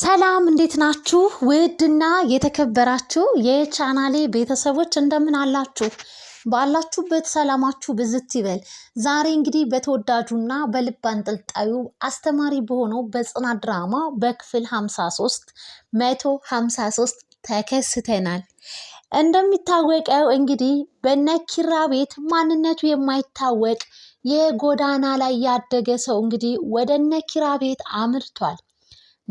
ሰላም እንዴት ናችሁ? ውድና የተከበራችሁ የቻናሌ ቤተሰቦች እንደምን አላችሁ? ባላችሁበት ሰላማችሁ ብዝት ይበል። ዛሬ እንግዲህ በተወዳጁና በልብ አንጠልጣዩ አስተማሪ በሆነው በጽናት ድራማ በክፍል 53 153 ተከስተናል። እንደሚታወቀው እንግዲህ በነኪራ ቤት ማንነቱ የማይታወቅ የጎዳና ላይ ያደገ ሰው እንግዲህ ወደ ነኪራ ቤት አምርቷል።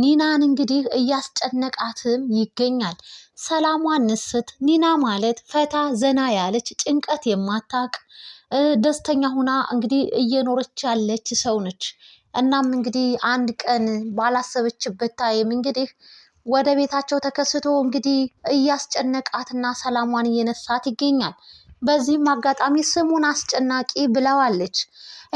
ኒናን እንግዲህ እያስጨነቃትም ይገኛል። ሰላሟን ንስት ኒና ማለት ፈታ ዘና ያለች ጭንቀት የማታቅ ደስተኛ ሁና እንግዲህ እየኖረች ያለች ሰው ነች። እናም እንግዲህ አንድ ቀን ባላሰበችበት ታይም እንግዲህ ወደ ቤታቸው ተከስቶ እንግዲህ እያስጨነቃትና ሰላሟን እየነሳት ይገኛል። በዚህም አጋጣሚ ስሙን አስጨናቂ ብለዋለች።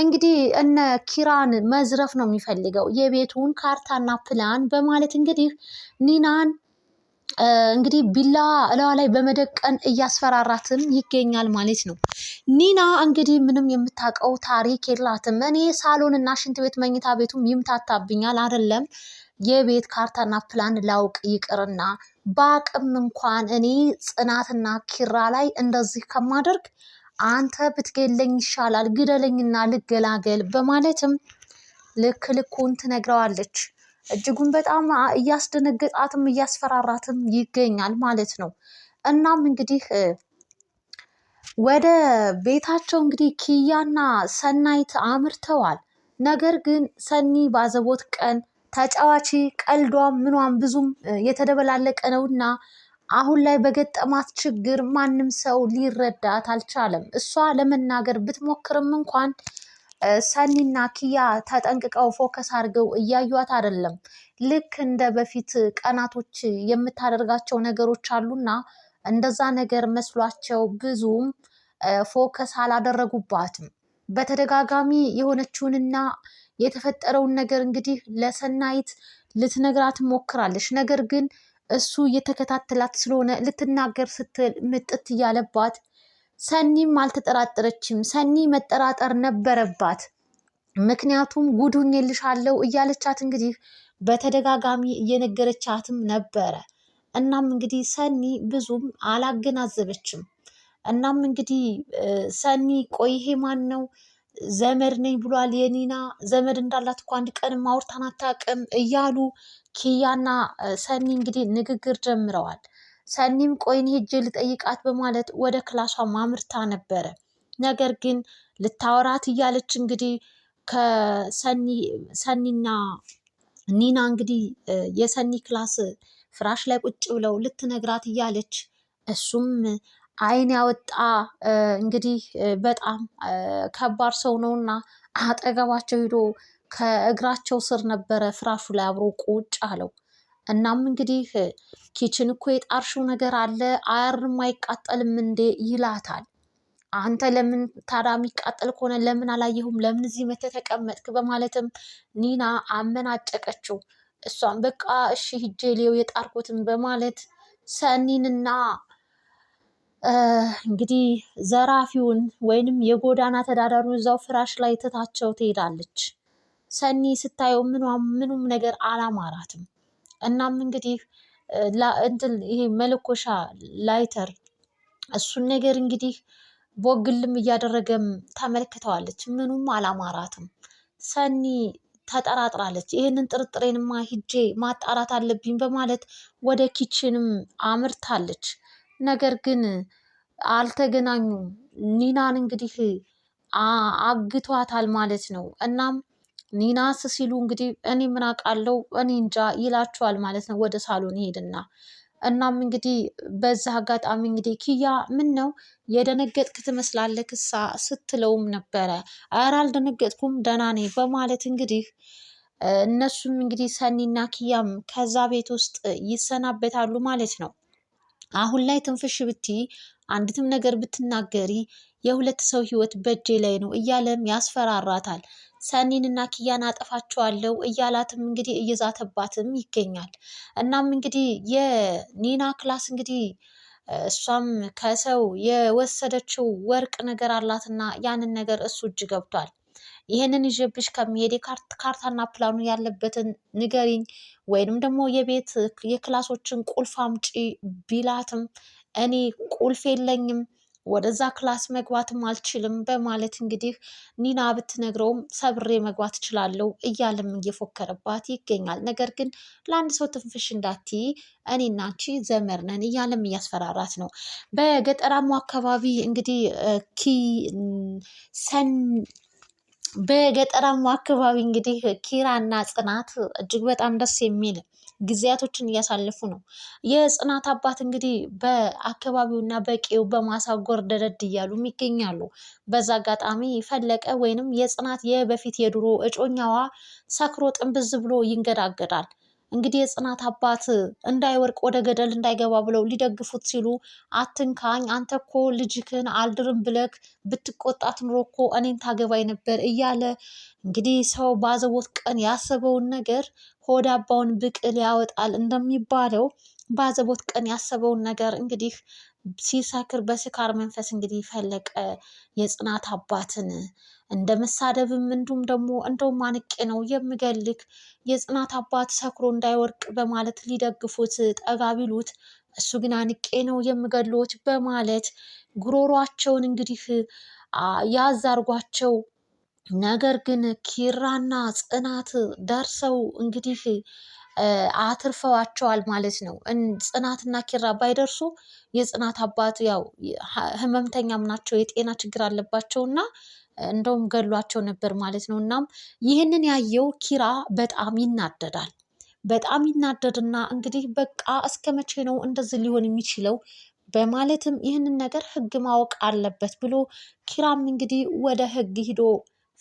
እንግዲህ እነ ኪራን መዝረፍ ነው የሚፈልገው የቤቱን ካርታና ፕላን በማለት እንግዲህ ኒናን እንግዲህ ቢላዋ እለዋ ላይ በመደቀን እያስፈራራትም ይገኛል ማለት ነው። ኒና እንግዲህ ምንም የምታውቀው ታሪክ የላትም። እኔ ሳሎንና ሽንት ቤት መኝታ ቤቱም ይምታታብኛል አይደለም የቤት ካርታና ፕላን ላውቅ ይቅርና በአቅም እንኳን እኔ ጽናትና ኪራ ላይ እንደዚህ ከማደርግ አንተ ብትገለኝ ይሻላል፣ ግደለኝና ልገላገል በማለትም ልክ ልኩን ትነግረዋለች። እጅጉን በጣም እያስደነገጣትም እያስፈራራትም ይገኛል ማለት ነው። እናም እንግዲህ ወደ ቤታቸው እንግዲህ ኪያና ሰናይት አምርተዋል። ነገር ግን ሰኒ ባዘቦት ቀን ተጫዋች ቀልዷ ምኗም ብዙም የተደበላለቀ ነውና አሁን ላይ በገጠማት ችግር ማንም ሰው ሊረዳት አልቻለም። እሷ ለመናገር ብትሞክርም እንኳን ሰኒና ኪያ ተጠንቅቀው ፎከስ አድርገው እያዩት አይደለም። ልክ እንደ በፊት ቀናቶች የምታደርጋቸው ነገሮች አሉና እንደዛ ነገር መስሏቸው ብዙም ፎከስ አላደረጉባትም። በተደጋጋሚ የሆነችውንና የተፈጠረውን ነገር እንግዲህ ለሰናይት ልትነግራት ሞክራለች። ነገር ግን እሱ እየተከታተላት ስለሆነ ልትናገር ስትል ምጥት እያለባት፣ ሰኒም አልተጠራጠረችም። ሰኒ መጠራጠር ነበረባት። ምክንያቱም ጉዱኝ ልሻለው እያለቻት እንግዲህ በተደጋጋሚ እየነገረቻትም ነበረ። እናም እንግዲህ ሰኒ ብዙም አላገናዘበችም። እናም እንግዲህ ሰኒ ቆይሄ ማን ነው ዘመድ ነኝ ብሏል የኒና ዘመድ እንዳላት እኮ አንድ ቀን ማውርታን አታውቅም እያሉ ኪያና ሰኒ እንግዲህ ንግግር ጀምረዋል። ሰኒም ቆይን ሄጄ ልጠይቃት በማለት ወደ ክላሷ ማምርታ ነበረ። ነገር ግን ልታወራት እያለች እንግዲህ ከሰኒና ኒና እንግዲህ የሰኒ ክላስ ፍራሽ ላይ ቁጭ ብለው ልትነግራት እያለች እሱም አይን ያወጣ እንግዲህ በጣም ከባድ ሰው ነው እና አጠገባቸው ሂዶ ከእግራቸው ስር ነበረ ፍራሹ ላይ አብሮ ቁጭ አለው። እናም እንግዲህ ኪችን እኮ የጣርሽው ነገር አለ አያርም አይቃጠልም እንዴ ይላታል። አንተ ለምን ታዲያ የሚቃጠል ከሆነ ለምን አላየሁም? ለምን እዚህ መተህ ተቀመጥክ? በማለትም ኒና አመናጨቀችው። እሷም በቃ እሺ ሂጄ ሌው የጣርኩትን በማለት ሰኒንና እንግዲህ ዘራፊውን ወይንም የጎዳና ተዳዳሪውን እዛው ፍራሽ ላይ ትታቸው ትሄዳለች። ሰኒ ስታየው ምኗም ምኑም ነገር አላማራትም። እናም እንግዲህ እንትን ይሄ መለኮሻ ላይተር እሱን ነገር እንግዲህ ቦግልም እያደረገም ተመልክተዋለች። ምኑም አላማራትም። ሰኒ ተጠራጥራለች። ይህንን ጥርጥሬንማ ሂጄ ማጣራት አለብኝ በማለት ወደ ኪችንም አምርታለች። ነገር ግን አልተገናኙም። ኒናን እንግዲህ አግቷታል ማለት ነው። እናም ኒናስ ሲሉ እንግዲህ እኔ ምን አውቃለሁ እኔ እንጃ ይላችኋል ማለት ነው ወደ ሳሎን ሄድና እናም እንግዲህ በዛ አጋጣሚ እንግዲህ ኪያ ምን ነው የደነገጥክ ትመስላለህ ክሳ ስትለውም ነበረ። ኧረ አልደነገጥኩም ደህና ነኝ በማለት እንግዲህ እነሱም እንግዲህ ሰኒና ኪያም ከዛ ቤት ውስጥ ይሰናበታሉ ማለት ነው። አሁን ላይ ትንፍሽ ብቲ አንዲትም ነገር ብትናገሪ የሁለት ሰው ህይወት በእጄ ላይ ነው እያለም ያስፈራራታል። ሰኒንና ኪያን አጠፋቸዋለሁ እያላትም እንግዲህ እየዛተባትም ይገኛል። እናም እንግዲህ የኒና ክላስ እንግዲህ እሷም ከሰው የወሰደችው ወርቅ ነገር አላትና ያንን ነገር እሱ እጅ ገብቷል። ይህንን ይዤብሽ ከሚሄድ ካርታና ፕላኑ ያለበትን ንገሪኝ፣ ወይንም ደግሞ የቤት የክላሶችን ቁልፍ አምጪ ቢላትም እኔ ቁልፍ የለኝም ወደዛ ክላስ መግባትም አልችልም በማለት እንግዲህ ኒና ብትነግረውም ሰብሬ መግባት እችላለሁ እያለም እየፎከረባት ይገኛል። ነገር ግን ለአንድ ሰው ትንፍሽ እንዳቲ እኔናቺ አንቺ ነን እያለም እያስፈራራት ነው። በገጠራሙ አካባቢ እንግዲህ ኪ ሰን በገጠራማ አካባቢ እንግዲህ ኪራና ጽናት እጅግ በጣም ደስ የሚል ጊዜያቶችን እያሳለፉ ነው። የጽናት አባት እንግዲህ እና በቄው በማሳ ጎርደደድ እያሉም ይገኛሉ። በዛ አጋጣሚ ፈለቀ ወይንም የጽናት የበፊት የድሮ እጮኛዋ ሰክሮ ጥንብዝ ብሎ ይንገዳገዳል። እንግዲህ የጽናት አባት እንዳይወርቅ ወደ ገደል እንዳይገባ ብለው ሊደግፉት ሲሉ አትንካኝ፣ አንተ እኮ ልጅክን አልድርም ብለክ ብትቆጣት ኑሮ እኮ እኔን ታገባኝ ነበር እያለ እንግዲህ ሰው ባዘቦት ቀን ያሰበውን ነገር ሆዳባውን ብቅል ያወጣል እንደሚባለው በአዘቦት ቀን ያሰበውን ነገር እንግዲህ ሲሰክር በስካር መንፈስ እንግዲህ ፈለቀ የጽናት አባትን እንደ መሳደብም እንዲሁም ደግሞ እንደውም አንቄ ነው የምገልክ የጽናት አባት ሰክሮ እንዳይወርቅ በማለት ሊደግፉት ጠጋ ቢሉት እሱ ግን አንቄ ነው የምገሎት በማለት ጉሮሯቸውን እንግዲህ ያዛርጓቸው። ነገር ግን ኪራና ጽናት ደርሰው እንግዲህ አትርፈዋቸዋል ማለት ነው። ጽናትና ኪራ ባይደርሱ የጽናት አባት ያው ህመምተኛም ናቸው፣ የጤና ችግር አለባቸው እና እንደውም ገሏቸው ነበር ማለት ነው። እናም ይህንን ያየው ኪራ በጣም ይናደዳል። በጣም ይናደድና እንግዲህ በቃ እስከ መቼ ነው እንደዚህ ሊሆን የሚችለው በማለትም ይህንን ነገር ህግ ማወቅ አለበት ብሎ ኪራም እንግዲህ ወደ ህግ ሂዶ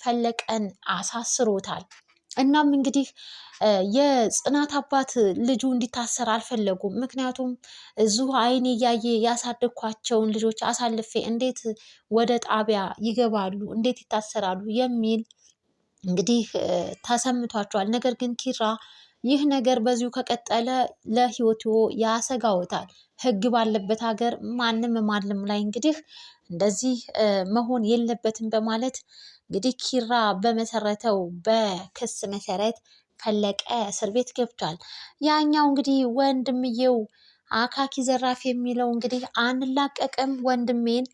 ፈለቀን አሳስሮታል። እናም እንግዲህ የጽናት አባት ልጁ እንዲታሰር አልፈለጉም። ምክንያቱም እዚሁ አይኔ እያየ ያሳደግኳቸውን ልጆች አሳልፌ እንዴት ወደ ጣቢያ ይገባሉ፣ እንዴት ይታሰራሉ የሚል እንግዲህ ተሰምቷቸዋል። ነገር ግን ኪራ ይህ ነገር በዚሁ ከቀጠለ ለህይወቱ ያሰጋውታል። ህግ ባለበት ሀገር ማንም ማንም ላይ እንግዲህ እንደዚህ መሆን የለበትም በማለት እንግዲህ ኪራ በመሰረተው በክስ መሰረት ፈለቀ እስር ቤት ገብቷል። ያኛው እንግዲህ ወንድምየው አካኪ ዘራፍ የሚለው እንግዲህ አንላቀቅም፣ ወንድሜን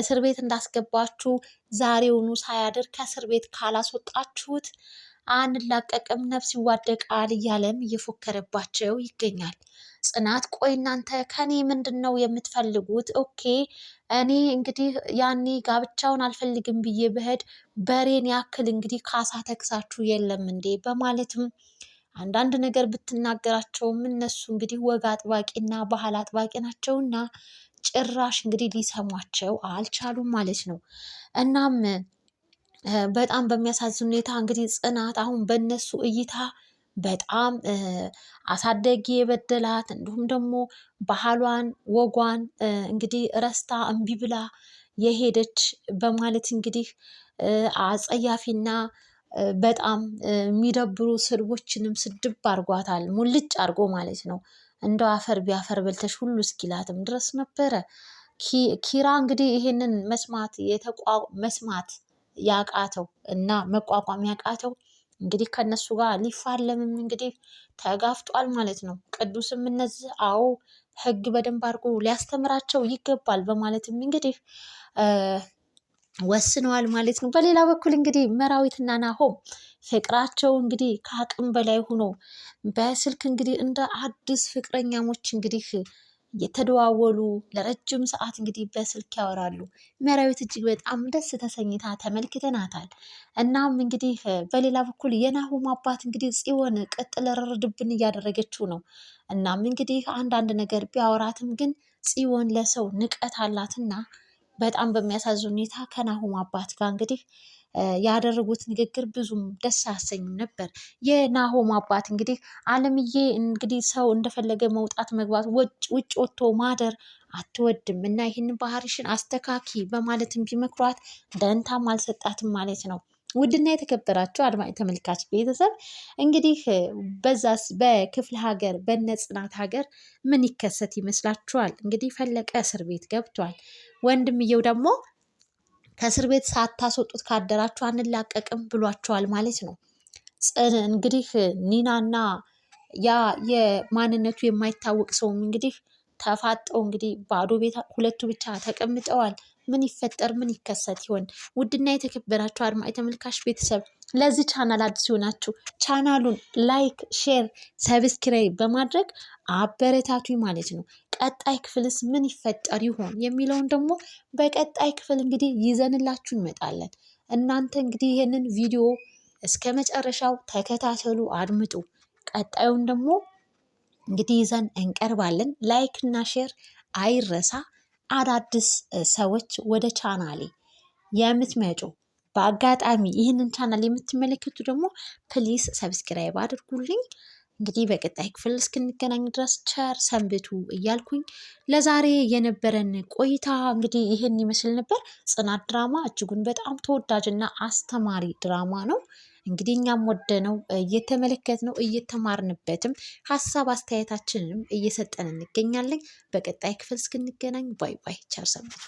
እስር ቤት እንዳስገባችሁ ዛሬውኑ ሳያድር ከእስር ቤት ካላስወጣችሁት አንላቀቅም፣ ነፍስ ይዋደቃል እያለም እየፎከረባቸው ይገኛል። ጽናት ቆይ እናንተ ከኔ ምንድን ነው የምትፈልጉት? ኦኬ እኔ እንግዲህ ያኔ ጋብቻውን አልፈልግም ብዬ ብሄድ በሬን ያክል እንግዲህ ካሳ ተክሳችሁ የለም እንዴ? በማለትም አንዳንድ ነገር ብትናገራቸውም እነሱ እንግዲህ ወግ አጥባቂና ባህል አጥባቂ ናቸውና ጭራሽ እንግዲህ ሊሰሟቸው አልቻሉም ማለት ነው። እናም በጣም በሚያሳዝን ሁኔታ እንግዲህ ጽናት አሁን በእነሱ እይታ በጣም አሳደጊ የበደላት እንዲሁም ደግሞ ባህሏን ወጓን እንግዲህ ረስታ እምቢ ብላ የሄደች በማለት እንግዲህ አጸያፊና በጣም የሚደብሩ ስድቦችንም ስድብ አርጓታል። ሙልጭ አርጎ ማለት ነው። እንደ አፈር ቢያፈር በልተሽ ሁሉ እስኪላትም ድረስ ነበረ። ኪራ እንግዲህ ይሄንን መስማት መስማት ያቃተው እና መቋቋም ያቃተው እንግዲህ ከነሱ ጋር ሊፋለምም እንግዲህ ተጋፍጧል ማለት ነው። ቅዱስም እነዚህ አዎ ህግ በደንብ አድርጎ ሊያስተምራቸው ይገባል በማለትም እንግዲህ ወስነዋል ማለት ነው። በሌላ በኩል እንግዲህ መራዊትና ናሆም ፍቅራቸው እንግዲህ ከአቅም በላይ ሆኖ በስልክ እንግዲህ እንደ አዲስ ፍቅረኛሞች እንግዲህ እየተደዋወሉ ለረጅም ሰዓት እንግዲህ በስልክ ያወራሉ። መራዊት እጅግ በጣም ደስ ተሰኝታ ተመልክተናታል። እናም እንግዲህ በሌላ በኩል የናሁም አባት እንግዲህ ጽዮን ቅጥል ርርድብን እያደረገችው ነው። እናም እንግዲህ አንዳንድ ነገር ቢያወራትም ግን ጽዮን ለሰው ንቀት አላትና በጣም በሚያሳዝን ሁኔታ ከናሁም አባት ጋር እንግዲህ ያደረጉት ንግግር ብዙም ደስ አያሰኝም ነበር። የናሆም አባት እንግዲህ አለምዬ እንግዲህ ሰው እንደፈለገ መውጣት መግባት ውጭ ወጥቶ ማደር አትወድም እና ይህን ባህሪሽን አስተካኪ በማለትም ቢመክሯት ደንታም አልሰጣትም ማለት ነው። ውድና የተከበራችሁ አድማጭ ተመልካች ቤተሰብ እንግዲህ በዛስ በክፍለ ሀገር በነ ጽናት ሀገር ምን ይከሰት ይመስላችኋል? እንግዲህ ፈለቀ እስር ቤት ገብቷል። ወንድምየው ደግሞ ከእስር ቤት ሳታስወጡት ካደራችሁ አንላቀቅም ብሏቸዋል ማለት ነው። እንግዲህ ኒናና ያ የማንነቱ የማይታወቅ ሰውም እንግዲህ ተፋጠው እንግዲህ ባዶ ቤት ሁለቱ ብቻ ተቀምጠዋል። ምን ይፈጠር ምን ይከሰት ይሆን? ውድና የተከበራችሁ አድማ የተመልካች ቤተሰብ ለዚህ ቻናል አዲስ ሲሆናችሁ ቻናሉን ላይክ፣ ሼር፣ ሰብስክራይብ በማድረግ አበረታቱ ማለት ነው። ቀጣይ ክፍልስ ምን ይፈጠር ይሆን የሚለውን ደግሞ በቀጣይ ክፍል እንግዲህ ይዘንላችሁ እንመጣለን። እናንተ እንግዲህ ይህንን ቪዲዮ እስከ መጨረሻው ተከታተሉ፣ አድምጡ። ቀጣዩን ደግሞ እንግዲህ ይዘን እንቀርባለን። ላይክ እና ሼር አይረሳ። አዳዲስ ሰዎች ወደ ቻናሌ የምትመጩ በአጋጣሚ ይህንን ቻናል የምትመለከቱ ደግሞ ፕሊስ ሰብስክራይብ አድርጉልኝ። እንግዲህ በቀጣይ ክፍል እስክንገናኝ ድረስ ቸር ሰንብቱ እያልኩኝ ለዛሬ የነበረን ቆይታ እንግዲህ ይህን ይመስል ነበር። ጽናት ድራማ እጅጉን በጣም ተወዳጅና አስተማሪ ድራማ ነው። እንግዲህ እኛም ወደነው እየተመለከትነው እየተማርንበትም ሀሳብ አስተያየታችንንም እየሰጠን እንገኛለን። በቀጣይ ክፍል እስክንገናኝ ባይ ባይ፣ ቸር ሰንብቱ።